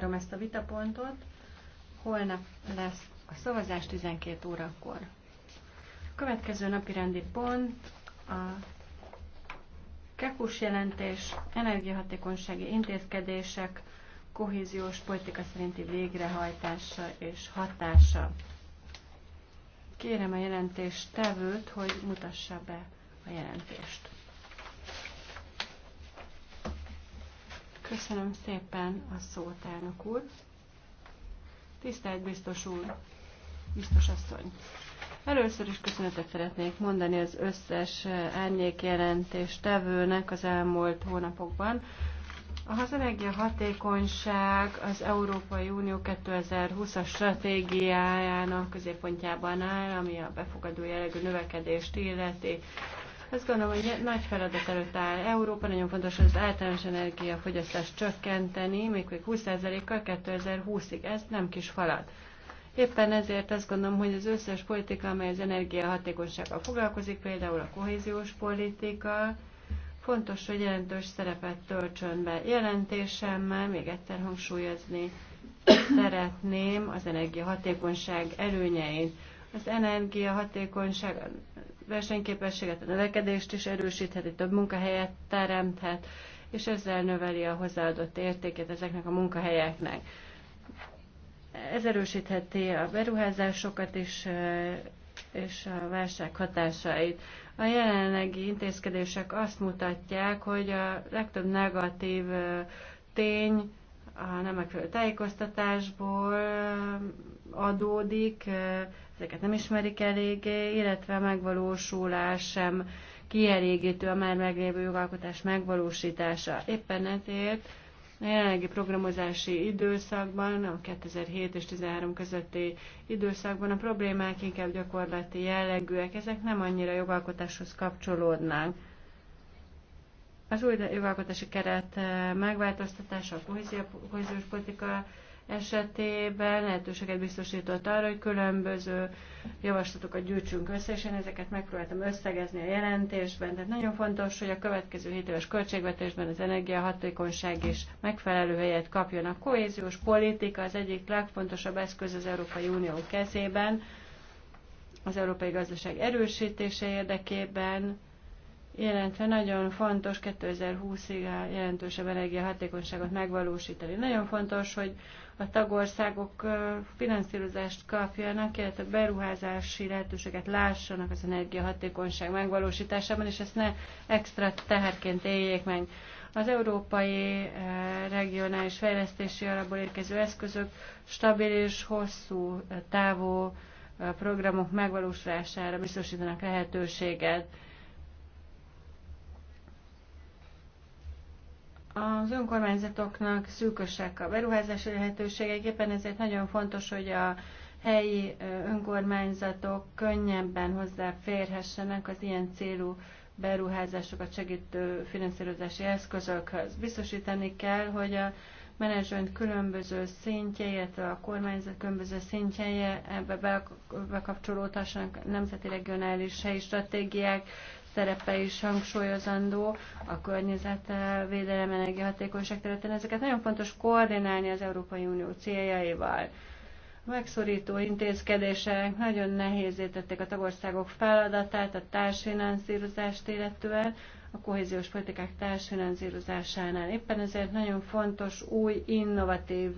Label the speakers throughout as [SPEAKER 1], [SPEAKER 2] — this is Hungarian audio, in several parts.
[SPEAKER 1] lezárom ezt a vitapontot. Holnap lesz a szavazás 12 órakor. A következő napi rendi pont a Kekus jelentés, energiahatékonysági intézkedések, kohéziós politika szerinti végrehajtása és hatása. Kérem a jelentést tevőt, hogy mutassa be a jelentést. Köszönöm szépen a szót, elnök úr. Tisztelt biztos úr, biztos asszony. Először is köszönetet szeretnék mondani az összes árnyékjelentés tevőnek az elmúlt hónapokban. A Az hatékonyság az Európai Unió 2020-as stratégiájának középpontjában áll, ami a befogadó jellegű növekedést illeti. Azt gondolom, hogy nagy feladat előtt áll Európa, nagyon fontos az általános energiafogyasztást csökkenteni, még 20%-kal 2020-ig. Ez nem kis falat. Éppen ezért azt gondolom, hogy az összes politika, amely az energiahatékonysággal foglalkozik, például a kohéziós politika, fontos, hogy jelentős szerepet töltsön be. Jelentésemmel még egyszer hangsúlyozni szeretném az energiahatékonyság előnyeit. Az energiahatékonyság versenyképességet, a növekedést is erősítheti, több munkahelyet teremthet, és ezzel növeli a hozzáadott értékét ezeknek a munkahelyeknek. Ez erősítheti a beruházásokat is, és a válság hatásait. A jelenlegi intézkedések azt mutatják, hogy a legtöbb negatív tény a nem megfelelő tájékoztatásból adódik, ezeket nem ismerik eléggé, illetve a megvalósulás sem kielégítő a már meglévő jogalkotás megvalósítása. Éppen ezért a jelenlegi programozási időszakban, a 2007 és 2013 közötti időszakban a problémák inkább gyakorlati jellegűek, ezek nem annyira jogalkotáshoz kapcsolódnak. Az új jogalkotási keret megváltoztatása, a kohéziós politika esetében lehetőséget biztosított arra, hogy különböző javaslatokat gyűjtsünk össze, és én ezeket megpróbáltam összegezni a jelentésben. Tehát nagyon fontos, hogy a következő 7 éves költségvetésben az energiahatékonyság is megfelelő helyet kapjon. A kohéziós politika az egyik legfontosabb eszköz az Európai Unió kezében, az európai gazdaság erősítése érdekében, illetve nagyon fontos 2020-ig a jelentősebb energiahatékonyságot megvalósítani. Nagyon fontos, hogy a tagországok finanszírozást kapjanak, illetve beruházási lehetőséget lássanak az energiahatékonyság megvalósításában, és ezt ne extra teherként éljék meg. Az európai regionális fejlesztési alapból érkező eszközök stabil és hosszú távú programok megvalósulására biztosítanak lehetőséget. Az önkormányzatoknak szűkösek a beruházási lehetőségek, éppen ezért nagyon fontos, hogy a helyi önkormányzatok könnyebben hozzáférhessenek az ilyen célú beruházásokat segítő finanszírozási eszközökhöz. Biztosítani kell, hogy a menedzsment különböző szintje, illetve a kormányzat különböző szintjeje ebbe bekapcsolódhassanak nemzeti regionális helyi stratégiák, szerepe is hangsúlyozandó a környezetvédelem, energiahatékonyság területén. Ezeket nagyon fontos koordinálni az Európai Unió céljaival. A megszorító intézkedések nagyon nehézé tették a tagországok feladatát, a társfinanszírozást illetően, a kohéziós politikák társfinanszírozásánál. Éppen ezért nagyon fontos új, innovatív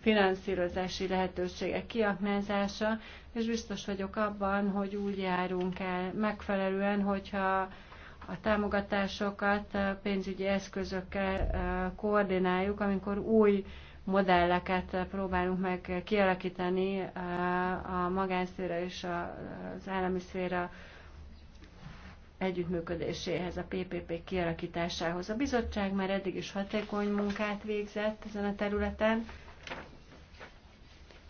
[SPEAKER 1] finanszírozási lehetőségek kiaknázása, és biztos vagyok abban, hogy úgy járunk el megfelelően, hogyha a támogatásokat pénzügyi eszközökkel koordináljuk, amikor új modelleket próbálunk meg kialakítani a magánszféra és az állami szféra együttműködéséhez, a PPP kialakításához. A bizottság már eddig is hatékony munkát végzett ezen a területen,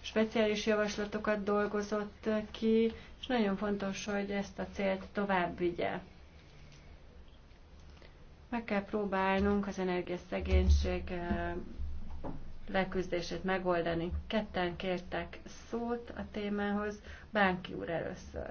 [SPEAKER 1] speciális javaslatokat dolgozott ki, és nagyon fontos, hogy ezt a célt tovább vigye. Meg kell próbálnunk az energiaszegénység leküzdését megoldani. Ketten kértek szót a témához, Bánki úr
[SPEAKER 2] először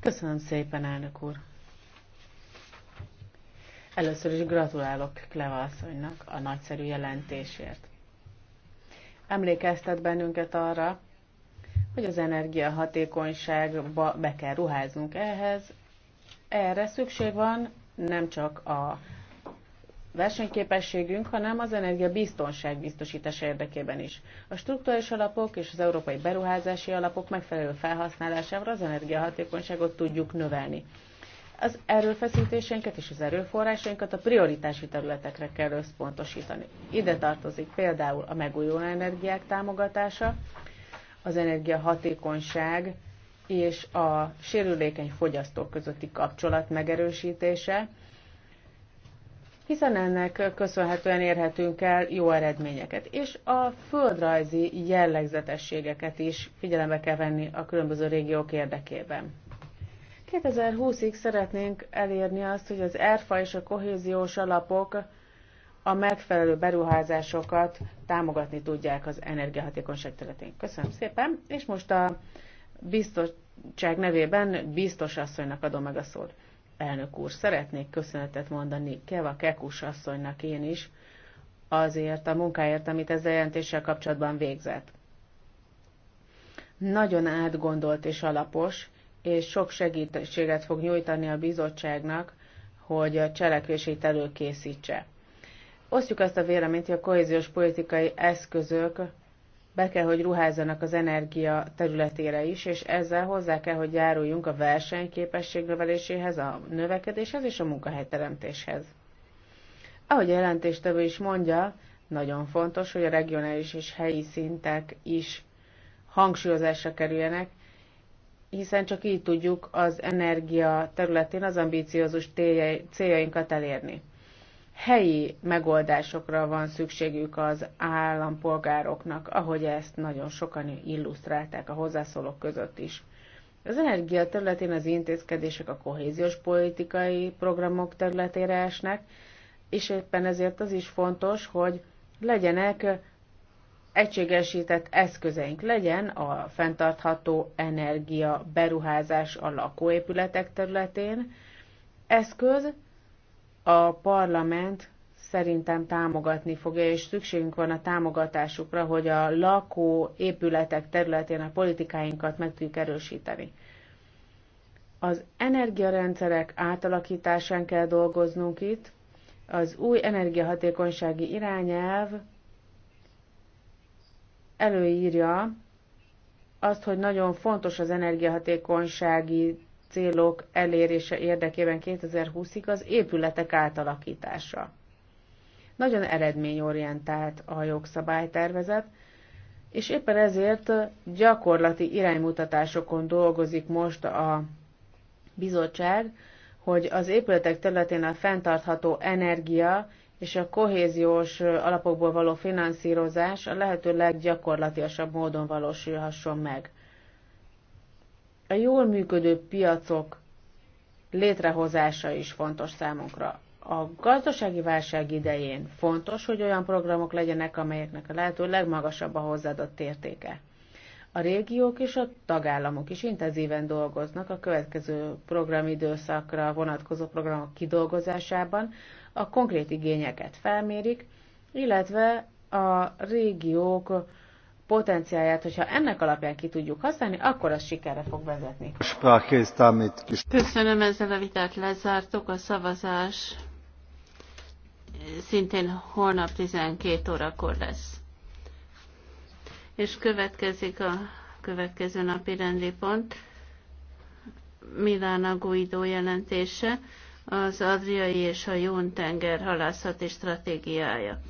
[SPEAKER 2] Köszönöm szépen, elnök úr. Először is gratulálok Klevalszonynak a nagyszerű jelentésért. Emlékeztet bennünket arra, hogy az energiahatékonyságba be kell ruháznunk ehhez. Erre szükség van nem csak a versenyképességünk, hanem az energia biztonság biztosítása érdekében is. A struktúrális alapok és az európai beruházási alapok megfelelő felhasználására az energiahatékonyságot tudjuk növelni. Az erőfeszítéseinket és az erőforrásainkat a prioritási területekre kell összpontosítani. Ide tartozik például a megújuló energiák támogatása, az energiahatékonyság és a sérülékeny fogyasztók közötti kapcsolat megerősítése, hiszen ennek köszönhetően érhetünk el jó eredményeket. És a földrajzi jellegzetességeket is figyelembe kell venni a különböző régiók érdekében. 2020-ig szeretnénk elérni azt, hogy az ERFA és a kohéziós alapok a megfelelő beruházásokat támogatni tudják az energiahatékonyság területén. Köszönöm szépen, és most a csak nevében biztos asszonynak adom meg a szót elnök úr. Szeretnék köszönetet mondani Keva Kekus asszonynak én is, azért a munkáért, amit ezzel jelentéssel kapcsolatban végzett. Nagyon átgondolt és alapos, és sok segítséget fog nyújtani a bizottságnak, hogy a cselekvését előkészítse. Osztjuk azt a véleményt, hogy a kohéziós politikai eszközök be kell, hogy ruházzanak az energia területére is, és ezzel hozzá kell, hogy járuljunk a versenyképesség növeléséhez, a növekedéshez és a munkahelyteremtéshez. Ahogy a jelentéstevő is mondja, nagyon fontos, hogy a regionális és helyi szintek is hangsúlyozásra kerüljenek, hiszen csak így tudjuk az energia területén az ambíciózus céljainkat elérni helyi megoldásokra van szükségük az állampolgároknak, ahogy ezt nagyon sokan illusztrálták a hozzászólók között is. Az energia területén az intézkedések a kohéziós politikai programok területére esnek, és éppen ezért az is fontos, hogy legyenek egységesített eszközeink, legyen a fenntartható energia beruházás a lakóépületek területén, eszköz, a parlament szerintem támogatni fogja, és szükségünk van a támogatásukra, hogy a lakó épületek területén a politikáinkat meg tudjuk erősíteni. Az energiarendszerek átalakításán kell dolgoznunk itt. Az új energiahatékonysági irányelv előírja azt, hogy nagyon fontos az energiahatékonysági célok elérése érdekében 2020-ig az épületek átalakítása. Nagyon eredményorientált a jogszabálytervezet, és éppen ezért gyakorlati iránymutatásokon dolgozik most a bizottság, hogy az épületek területén a fenntartható energia és a kohéziós alapokból való finanszírozás a lehető leggyakorlatilasabb módon valósulhasson meg a jól működő piacok létrehozása is fontos számunkra. A gazdasági válság idején fontos, hogy olyan programok legyenek, amelyeknek a lehető legmagasabb a hozzáadott értéke. A régiók és a tagállamok is intenzíven dolgoznak a következő programidőszakra vonatkozó programok kidolgozásában, a konkrét igényeket felmérik, illetve a régiók potenciáját, hogyha ennek alapján ki tudjuk használni, akkor az sikerre fog vezetni. Köszönöm, ezzel a vitát lezártuk. A szavazás
[SPEAKER 1] szintén holnap 12 órakor lesz. És következik a következő napi rendi pont, Milana Guido jelentése, az Adriai és a Jón tenger halászati stratégiája.